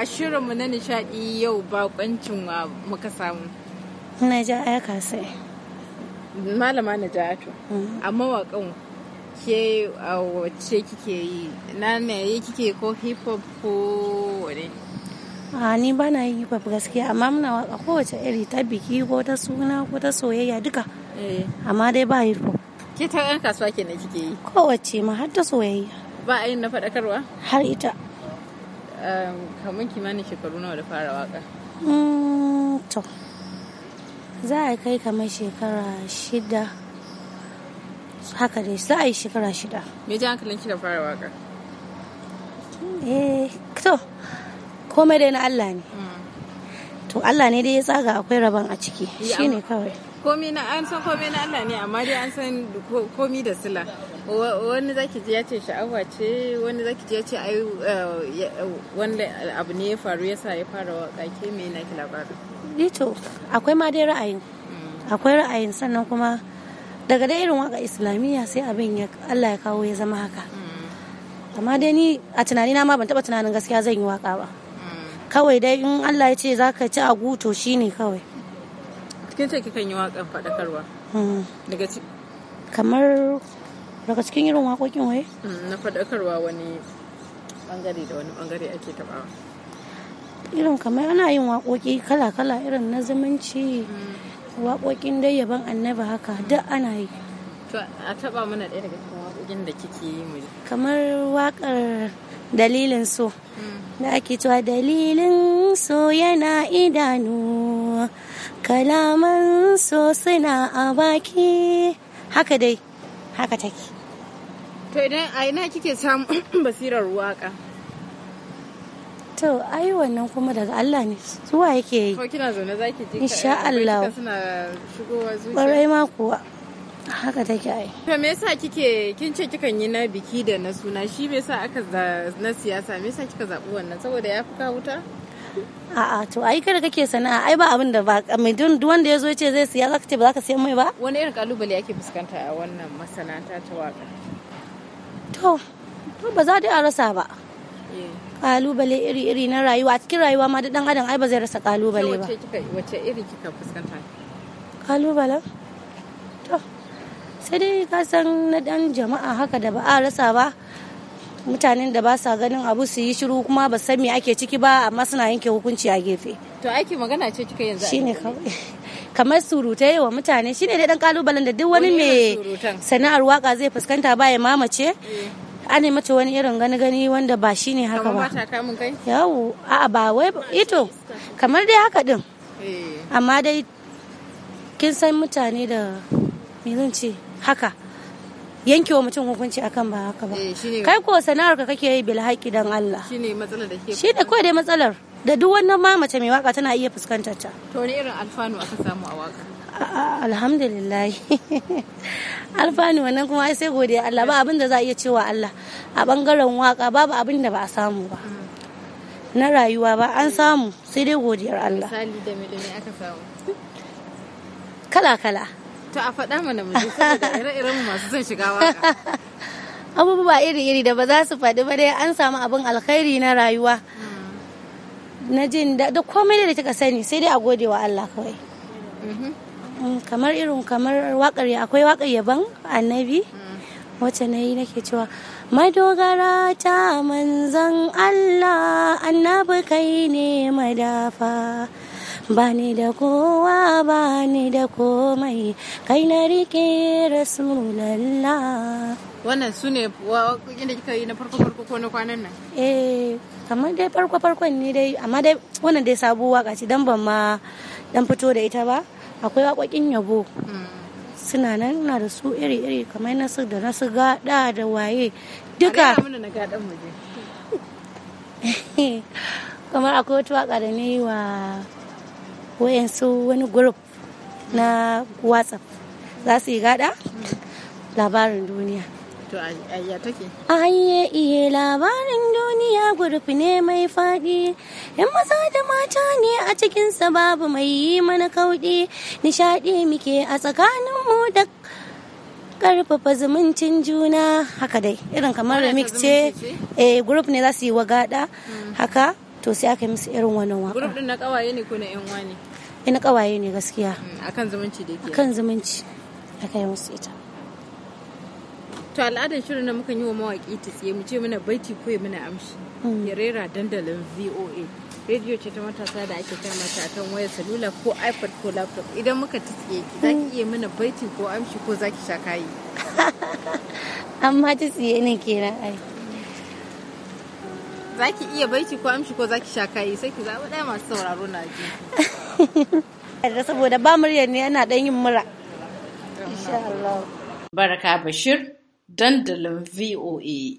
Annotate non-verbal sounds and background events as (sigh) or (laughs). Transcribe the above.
a shirinmu na nishadi yau bakoncin wa muka samu ji aya kasai malama na ja'atu mm. a mawaƙan ke a wace kike yi na me kike ko hip hop ko wane a ni ba na hip hop gaskiya amma muna waka kowace iri ta biki ko ta suna ko ta soyayya duka eh. amma dai ba hip hop ke ta yan kasuwa kenan kike yi kowace ma har ta soyayya ba a yin na faɗakarwa har ita kamar kimanin shekaru nawa da fara waka mm, to za a kai kamar shekara shida haka dai za a yi shekara shida me ji hankalin ki da fara waka eh to komai dai na Allah ne mm. to Allah ne dai ya tsaga akwai rabon a ciki shine kawai komi na an san komi na Allah ne amma dai an san komi da sila wani zaki ji ya ce sha'awa ce wani zaki ji ya ce ai eh, wani abu ne ya faru ya sa ya fara waka ke me na ki labarin dito eh akwai ma dai ra'ayin hmm. akwai ra'ayin sannan kuma daga dai irin waka islamiyya sai abin ya Allah ya kawo ya zama haka hmm. amma dai ni a tunani na ma ban taba tunanin gaskiya zan yi waka ba hmm. kawai dai in Allah ya ce zaka ci agu to shine kawai kin ce kikan yi waƙan faɗakarwa hmm. daga kamar daga cikin irin waƙoƙin waye hmm, na faɗakarwa wani bangare da wani bangare ake tabawa irin kamar ana yin waƙoƙi kala-kala irin na zumunci hmm. waƙoƙin dai yaban annaba haka duk ana yi to a taba mana ɗaya daga cikin waƙoƙin da kike yi mu kamar waƙar dalilin so da ake cewa dalilin so yana idanu kalaman so suna a baki haka dai haka take to idan a ina kike samun (coughs) basirar waka to ai wannan kuma daga Allah ne zuwa yake yi ko kina zaune zaki ji insha Allah suna shigowa ma kuwa haka take ai to me yasa kike kin ce kikan yi na biki da na suna shi me yasa aka na siyasa me yasa kika zabi wannan saboda ya fi kawuta A'a to ai kada kake sana'a ai ba abin da ba mai don wanda ya zo ce zai siya zaka ce ba zaka siyan mai ba. Wani irin kalubale yake fuskanta a wannan masana'anta ta waka? To ba za dai a rasa ba. Eh. Kalubale iri-iri na rayuwa a cikin rayuwa ma da dan adam ai ba zai rasa kalubale ba. Wace iri kika fuskanta? Kalubale? To sai dai ka san na dan jama'a haka da ba a rasa ba. mutanen da ba sa ganin abu su yi shiru kuma ba san me ake ciki ba amma suna yanke hukunci a gefe to aiki magana ce kika yanzu shine kawai (laughs) kamar surutai wa mutane shine dai dan kalubalen da duk wani mai sana'ar waka zai fuskanta ba ya mamace eh. ana mata wani irin gani gani wanda ba shine haka ba Yau a'a ba wai ito kamar dai haka din eh. amma dai kin san mutane da me zan ce haka yanke wa mutum hukunci akan ba haka ba eh, kai ko sana'ar ka kake yi bil dan Allah shine matsalar da ke shi da kawai dai matsalar da duk wannan ma mace mai waka tana iya fuskantar ta to ne irin alfanu aka samu a waka alhamdulillah (laughs) alfanu wannan kuma sai godiya Allah ba abin da za a iya cewa Allah a bangaren waka babu abin da ba a samu ba mm. na rayuwa ba an samu sai dai godiyar Allah misali da me aka samu kala kala To a faɗa mana mu saboda ire-iren mu masu son shiga waka. (laughs) Abubuwa iri-iri da ba za su faɗi ba dai an samu abin alkhairi na rayuwa. Hmm. Na jin da komai da kika sani sai dai a gode wa Allah kawai. Mm-hmm. Mm, kamar irin kamar wakar akwai wakar yaban annabi hmm. wacce na yi nake cewa madogara ta manzan Allah annabi kai ne madafa. bani da kowa bani da komai kai na rike rasulallah wannan su ne waƙoƙin da kika yi na farko farko ko na kwanan nan eh kamar dai farko farkon ne dai amma dai wannan dai sabuwa waka ce dan ban ma dan fito da ita ba akwai waƙoƙin yabo hmm. suna nan na da su iri iri kamar na su da na su gada da waye duka (laughs) kamar akwai wata waka da ne wa wayansu wani group na whatsapp za su yi gada labarin duniya a ya iye labarin duniya gurfi ne mai faɗi yan maza da mata ne a cikinsa babu mai yi mana kauɗi nishaɗi muke a tsakaninmu da karfafa zumuncin juna haka dai irin kamar remix ce a eh, group ne za su yi wa gad'a, hmm. haka to sai aka yi musu irin wannan waka group din na kawaye ne ko na yan wani ina kawaye ne gaskiya mm, akan zumunci da ke akan zumunci aka yi musu ita to al'adar shirin da muka yi wa mawaki ta tsaye mu ce mana baiti ko mana amshi mm. ya rera dandalin VOA rediyo ce ta matasa da ake kama ta kan wayar salula ko iPad ko laptop idan muka ta tsaye ki za ki mm. iya mana baiti ko amshi ko za ki sha kayi (laughs) amma ta tsaye ne kenan ai za ki iya baiki ko amshi ko za ki sha kayi sai ki zaɓi ɗaya masu sauraro na ji. (laughs) saboda ba muryar ne yana ɗan yin mura. Baraka Bashir, dandalin VOA.